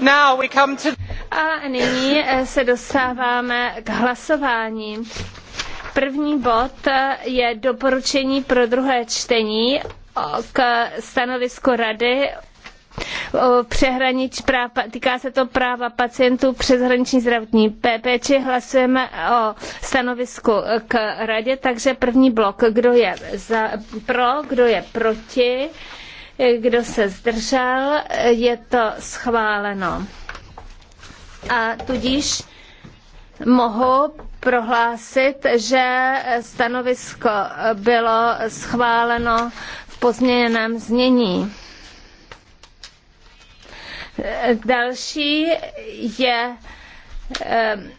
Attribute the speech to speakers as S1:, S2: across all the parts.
S1: Now we come to... A nyní eh,
S2: se dostáváme k
S1: hlasování.
S2: První bod eh, je doporučení pro druhé čtení k stanovisku Rady přehranič práv, týká se to práva pacientů přeshraniční zdravotní péči. Hlasujeme o stanovisku eh, k radě, takže první blok, kdo je za, pro, kdo je proti, kdo se zdržel, je to schváleno. A tudíž mohu prohlásit, že stanovisko bylo schváleno v pozměněném znění. Další je Ehm,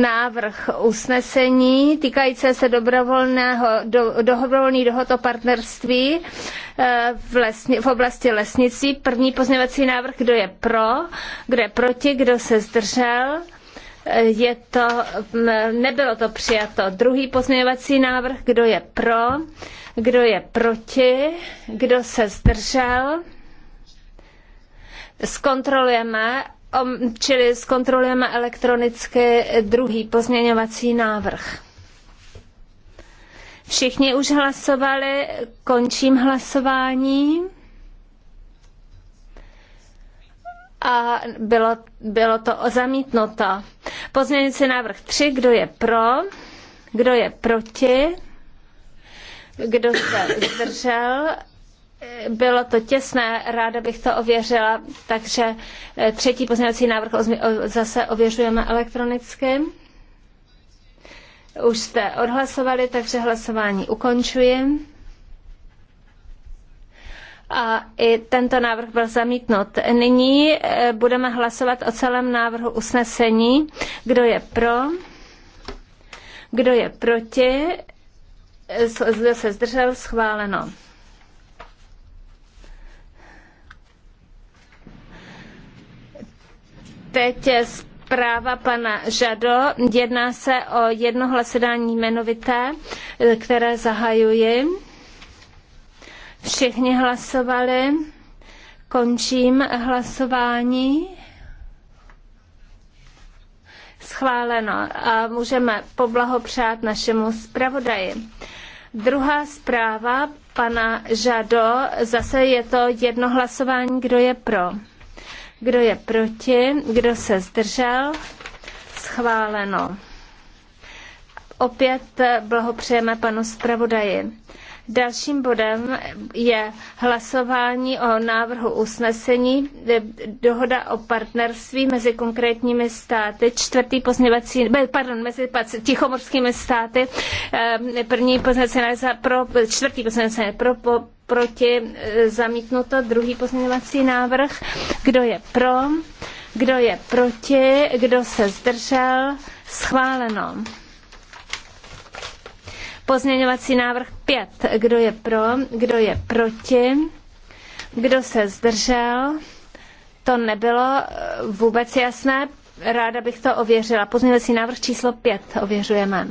S2: návrh usnesení týkající se dobrovolného, do, dobrovolný dohod o partnerství ehm, v, lesni, v oblasti lesnicí. První pozměňovací návrh, kdo je pro, kdo je proti, kdo se zdržel. Ehm, je to, nebylo to přijato. Druhý pozměňovací návrh, kdo je pro, kdo je proti, kdo se zdržel. Zkontrolujeme čili zkontrolujeme elektronicky druhý pozměňovací návrh. Všichni už hlasovali, končím hlasování. A bylo, bylo to zamítnuto. Pozměňující návrh 3, kdo je pro, kdo je proti, kdo se zdržel bylo to těsné, ráda bych to ověřila, takže eh, třetí pozměňovací návrh zase ověřujeme elektronicky. Už jste odhlasovali, takže hlasování ukončuji. A i tento návrh byl zamítnut. Nyní eh, budeme hlasovat o celém návrhu usnesení. Kdo je pro? Kdo je proti? Eh, kdo se zdržel? Schváleno. Teď zpráva pana Žado. Jedná se o jedno hlasování jmenovité, které zahajuji. Všichni hlasovali. Končím hlasování. Schváleno a můžeme poblahopřát našemu zpravodaji. Druhá zpráva pana Žado, zase je to jedno hlasování, kdo je pro. Kdo je proti? Kdo se zdržel? Schváleno. Opět blahopřejeme panu zpravodaji. Dalším bodem je hlasování o návrhu usnesení eh, dohoda o partnerství mezi konkrétními státy, čtvrtý pozněvací, eh, pardon, mezi tichomorskými státy, eh, první pozněvací pro, čtvrtý pozněvací pro, proti, e, zamítnuto, druhý pozměňovací návrh, kdo je pro, kdo je proti, kdo se zdržel, schváleno. Pozměňovací návrh 5. Kdo je pro, kdo je proti, kdo se zdržel, to nebylo e, vůbec jasné, ráda bych to ověřila. Pozměňovací návrh číslo 5 ověřujeme.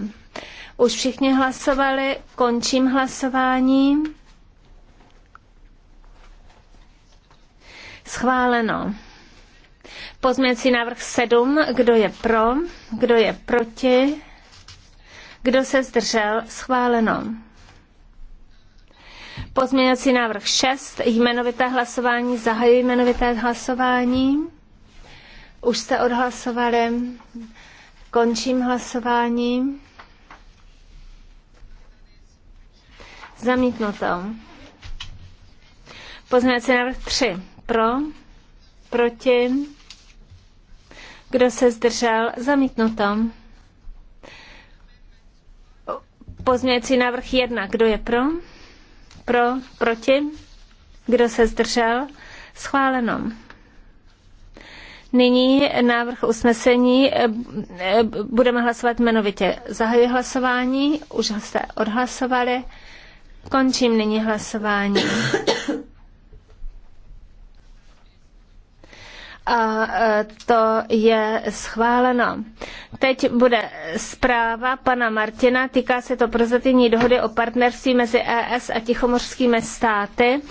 S2: Už všichni hlasovali, končím hlasování. Schváleno. Pozměňovací návrh 7. Kdo je pro? Kdo je proti? Kdo se zdržel? Schváleno. Pozměňovací návrh 6. Jmenovité hlasování. Zahajuji jmenovité hlasování. Už jste odhlasovali. Končím hlasování. Zamítnuto. Pozměňovací návrh 3 pro? Proti? Kdo se zdržel? Zamítnuto. Pozměňující návrh 1. Kdo je pro? Pro? Proti? Kdo se zdržel? Schváleno. Nyní návrh usnesení. Eh, eh, budeme hlasovat jmenovitě. Zahajuji hlasování. Už jste odhlasovali. Končím nyní hlasování. a e, to je schváleno. Teď bude zpráva pana Martina, týká se to prozatímní dohody o partnerství mezi ES a tichomořskými státy.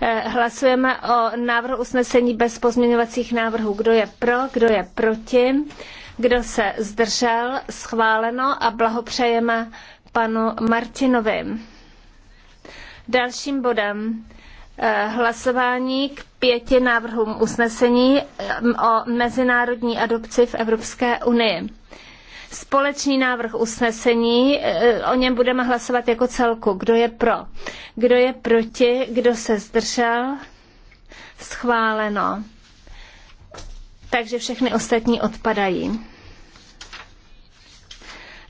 S2: E, hlasujeme o návrhu usnesení bez pozměňovacích návrhů. Kdo je pro, kdo je proti, kdo se zdržel, schváleno a blahopřejeme panu Martinovi. Dalším bodem Eh, hlasování k pěti návrhům usnesení o mezinárodní adopci v Evropské unii. Společný návrh usnesení, eh, o něm budeme hlasovat jako celku. Kdo je pro? Kdo je proti? Kdo se zdržel? Schváleno. Takže všechny ostatní odpadají.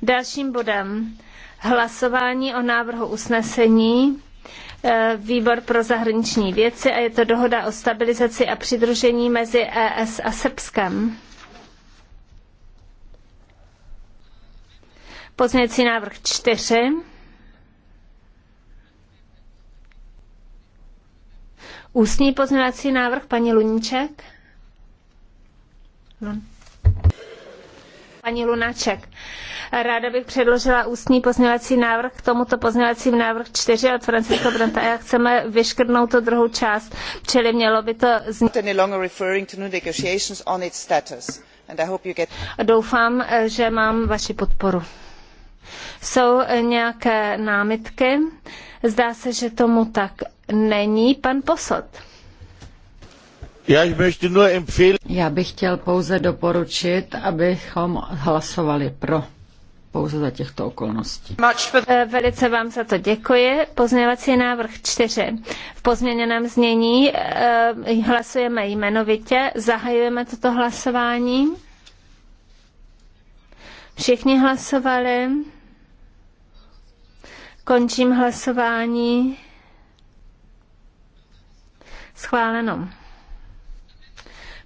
S2: Dalším bodem hlasování o návrhu usnesení Eh, výbor pro zahraniční věci a je to dohoda o stabilizaci a přidružení mezi ES a Srbskem. Pozměňující návrh 4. Ústní pozměňovací návrh, paní Luníček. Paní Lunáček. Ráda bych předložila ústní pozměňovací návrh k tomuto pozměňovacím návrh 4 od Francisco Branta. Já chceme vyškrtnout tu druhou část, čili mělo by to znít. Doufám, že mám vaši podporu. Jsou nějaké námitky? Zdá se, že tomu tak není. Pan Posod.
S1: Já bych chtěl pouze doporučit, abychom hlasovali pro pouze za těchto okolností.
S2: Eh, velice vám za to děkuji. Pozměňovací návrh 4. V pozměněném znění eh, hlasujeme jmenovitě, zahajujeme toto hlasování. Všichni hlasovali. Končím hlasování. Schváleno.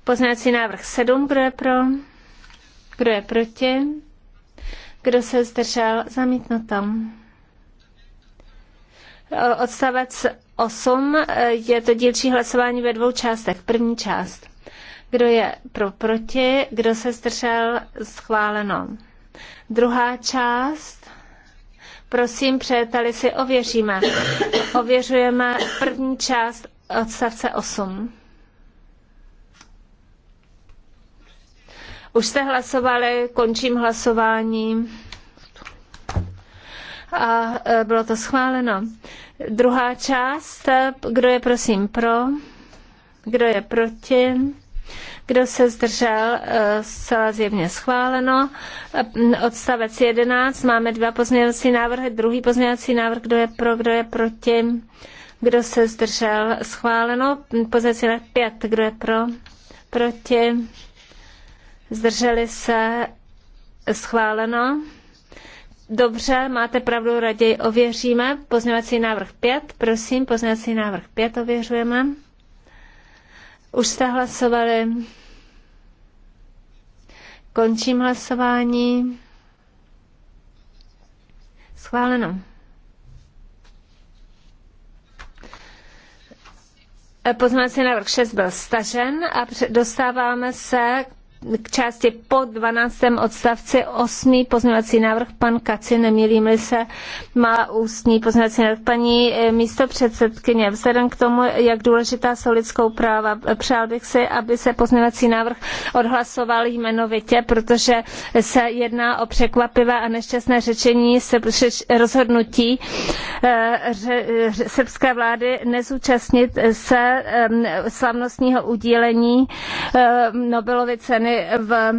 S2: Pozměňovací návrh 7. Kdo je pro? Kdo je proti? Kdo se zdržel? Zamítnuto. Odstavec 8 je to dílčí hlasování ve dvou částech. První část. Kdo je pro proti? Kdo se zdržel? Schváleno. Druhá část. Prosím, přejeteli si ověříme. Ověřujeme první část odstavce 8. Už jste hlasovali, končím hlasování. A e, bylo to schváleno. Druhá část, e, kdo je prosím pro, kdo je proti, kdo se zdržel, e, zcela zjevně schváleno. Odstavec 11, máme dva pozměňovací návrhy, druhý pozměňovací návrh, kdo je pro, kdo je proti, kdo se zdržel, schváleno. Pozměňovací 5, kdo je pro, proti, Zdrželi se? Schváleno. Dobře, máte pravdu, raději ověříme. Pozměňovací návrh 5, prosím, pozměňovací návrh 5 ověřujeme. Už jste hlasovali. Končím hlasování. Schváleno. Pozměňovací návrh 6 byl stažen a dostáváme se k k části po 12. odstavci 8. pozměňovací návrh pan Kaci, nemýlím se, má ústní pozměňovací návrh. Paní eh, místo předsedkyně, vzhledem k tomu, jak důležitá jsou lidskou práva, přál bych si, aby se pozměňovací návrh odhlasoval jmenovitě, protože se jedná o překvapivé a nešťastné řečení se rozhodnutí eh, srbské vlády nezúčastnit se eh, slavnostního udílení Nobelovy ceny v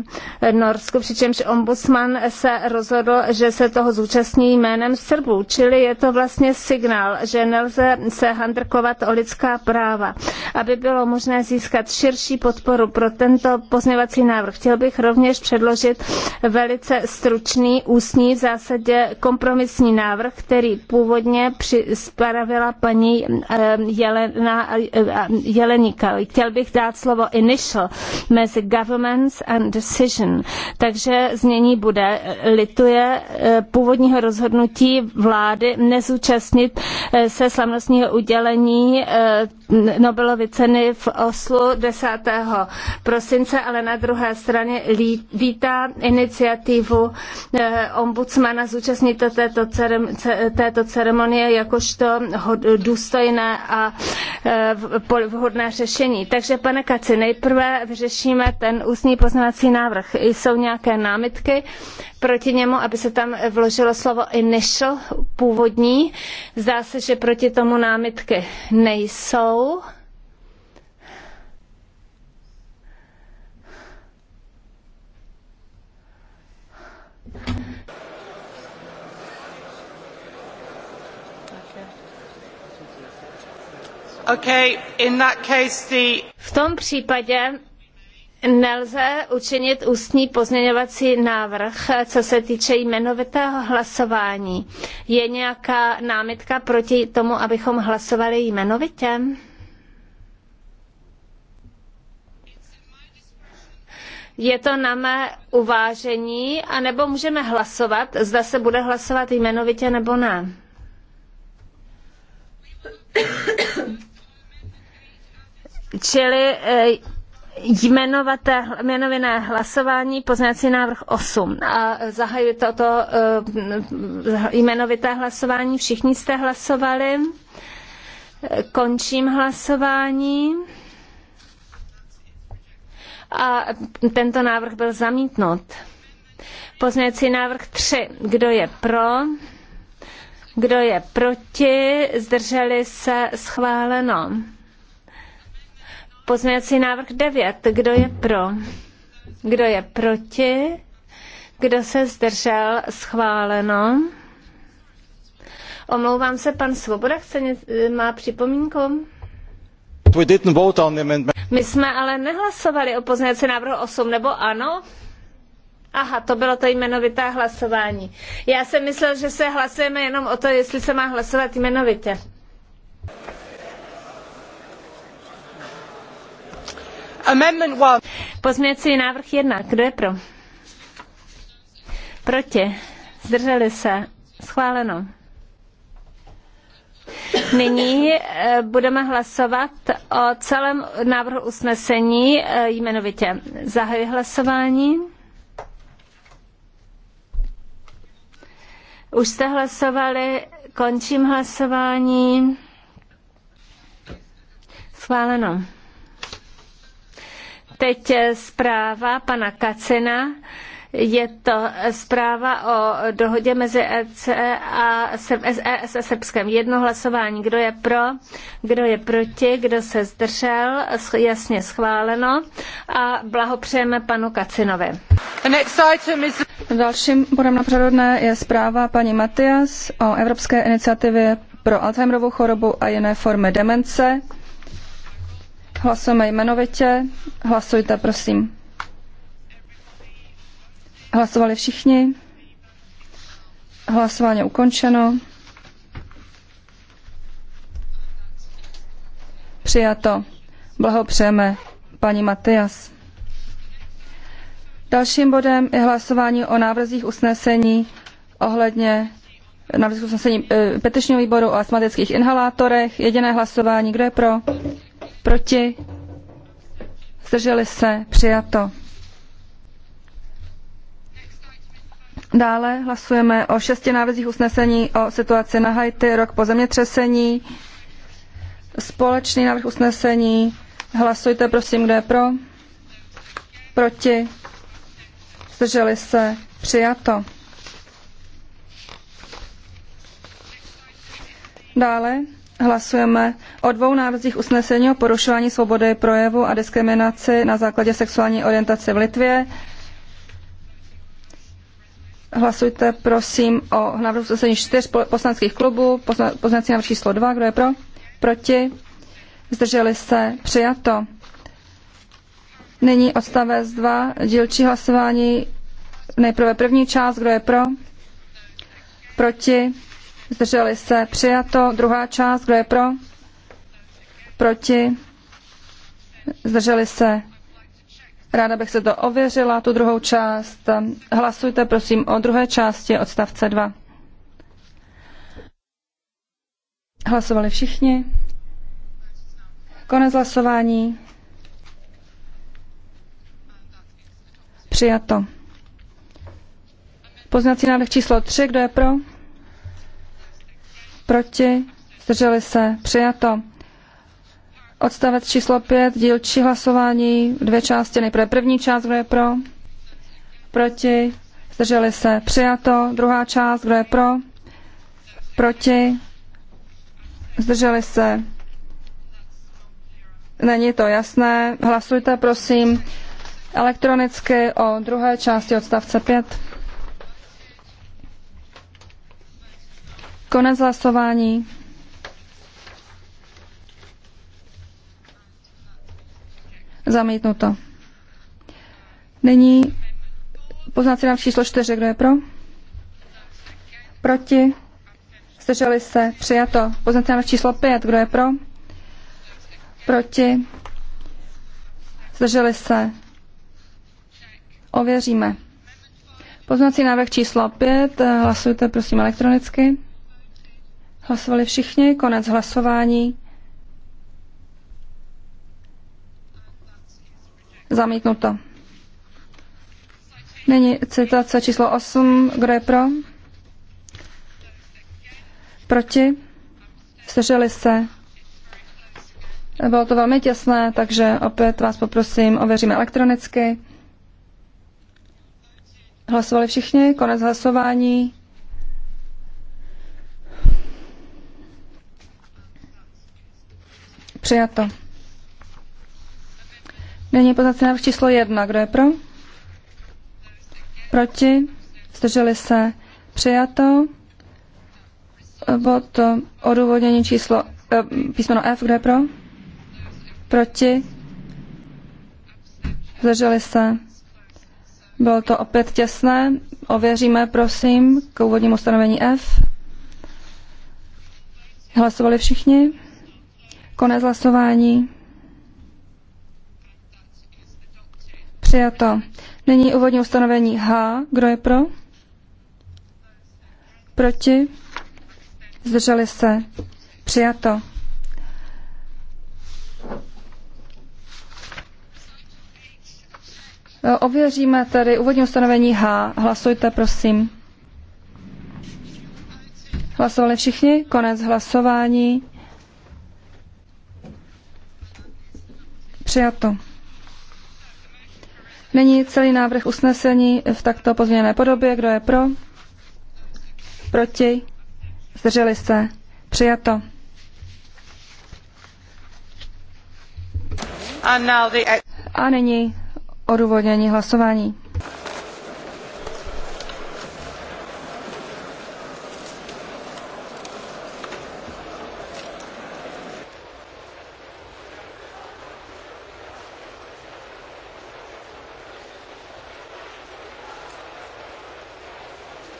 S2: Norsku, přičemž ombudsman se rozhodl, že se toho zúčastní jménem Srbů, čili je to vlastně signál, že nelze se handrkovat o lidská práva. Aby bylo možné získat širší podporu pro tento pozměvací návrh, chtěl bych rovněž předložit velice stručný, ústní, v zásadě kompromisní návrh, který původně připravila paní eh, Jelena eh, Jeleníka. Chtěl bych dát slovo initial mezi government and Decision. Takže znění bude lituje eh, původního rozhodnutí vlády nezúčastnit eh, se slavnostního udělení eh, Nobelovy ceny v Oslu 10. prosince, ale na druhé straně vítá iniciativu ombudsmana zúčastnit této, této ceremonie jakožto důstojné a vhodné řešení. Takže pane Kaci, nejprve vyřešíme ten ústní ústní poznávací návrh. Jsou nějaké námitky proti němu, aby se tam vložilo slovo initial původní. Zdá se, že proti tomu námitky nejsou. Okay, in
S1: that case the...
S2: V tom případě Nelze učinit ústní pozměňovací návrh, co se týče jmenovitého hlasování. Je nějaká námitka proti tomu, abychom hlasovali jmenovitě? Je to na mé uvážení, anebo můžeme hlasovat, zda se bude hlasovat jmenovitě nebo ne. Čili eh, jmenovaté, jmenoviné hlasování, poznací návrh 8. A zahajuji toto eh, eh, jmenovité hlasování. Všichni jste hlasovali. Končím hlasování. A tento návrh byl zamítnut. Pozměňovací návrh 3. Kdo je pro? Kdo je proti? Zdrželi se schváleno. Pozměňovací návrh 9. Kdo je pro? Kdo je proti? Kdo se zdržel? Schváleno. Omlouvám se, pan Svoboda chce ně, e, má připomínku? My jsme ale nehlasovali o pozměňovací návrhu 8, nebo ano? Aha, to bylo to jmenovité hlasování. Já jsem myslel, že se hlasujeme jenom o to, jestli se má hlasovat jmenovitě. Amendment Pozměňující návrh 1. Kdo je pro? Proti. Zdrželi se. Schváleno. Nyní eh, budeme hlasovat o celém návrhu usnesení eh, jmenovitě. Zahajuji hlasování. Už jste hlasovali, končím hlasování. Schváleno. Teď zpráva pana Kacena Je to zpráva o dohodě mezi EC a SES e a Srbskem. Jedno hlasování, kdo je pro, kdo je proti, kdo se zdržel, jasně schváleno a
S1: blahopřejeme panu Kacinovi. Dalším bodem na předodne je zpráva paní Matias o Evropské iniciativě pro Alzheimerovou chorobu a jiné formy demence. Hlasujeme jmenovitě. Hlasujte, prosím. Hlasovali všichni. Hlasování ukončeno. Přijato. Blahopřejeme paní Matias. Dalším bodem je hlasování o návrzích usnesení ohledně návrzích usnesení e, petičního výboru o astmatických inhalátorech. Jediné hlasování. Kdo je pro? Proti? Zdrželi se? Přijato. Dále hlasujeme o šesti návrzích usnesení o situaci na Haiti, rok po zemětřesení. Společný návrh usnesení. Hlasujte prosím, kdo je pro. Proti. Zdrželi se. Přijato. Dále Hlasujeme o dvou návrzích usnesení o porušování svobody projevu a diskriminaci na základě sexuální orientace v Litvě. Hlasujte prosím o návrhu usnesení čtyř poslaneckých klubů. Poslanecí návrh číslo dva. Kdo je pro? Proti? Zdrželi se? Přijato. Nyní odstavec 2. Dílčí hlasování. Nejprve první část. Kdo je pro? Proti? Zdrželi se. Přijato. Druhá část. Kdo je pro? Proti? Zdrželi se. Ráda bych se to ověřila, tu druhou část. Hlasujte prosím o druhé části odstavce 2. Hlasovali všichni. Konec hlasování. Přijato. Poznací návrh číslo 3, kdo je pro? proti, zdrželi se, přijato. Odstavec číslo 5, dílčí hlasování, dvě části, nejprve první část, kdo je pro, proti, zdrželi se, přijato, druhá část, kdo je pro, proti, zdrželi se, není to jasné, hlasujte prosím elektronicky o druhé části odstavce 5. Konec hlasování. Zamítnuto. Nyní poznací nám číslo 4. Kdo je pro? Proti? Zdrželi se? Přijato. Poznací nám číslo 5. Kdo je pro? Proti? Zdrželi se? Ověříme. Poznací návrh číslo 5. Hlasujte prosím elektronicky. Hlasovali všichni, konec hlasování. Zamítnuto. Nyní citace číslo 8. Kdo je pro? Proti? Zdrželi se? Bylo to velmi těsné, takže opět vás poprosím, ověříme elektronicky. Hlasovali všichni, konec hlasování. Přijato. Není poznací návrh číslo jedna. Kdo je pro? Proti? Zdrželi se? Přijato. Bod odůvodnění číslo eh, písmeno F. Kdo je pro? Proti? Zdrželi se? Bylo to opět těsné. Ověříme, prosím, k úvodnímu stanovení F. Hlasovali všichni? Konec hlasování. Přijato. Nyní úvodní ustanovení H. Kdo je pro? Proti? Zdrželi se? Přijato. E, ověříme tedy úvodní ustanovení H. Hlasujte, prosím. Hlasovali všichni? Konec hlasování. Přijato. Nyní celý návrh usnesení v takto pozměněné podobě. Kdo je pro? Proti? Zdrželi se? Přijato. A nyní odůvodnění hlasování.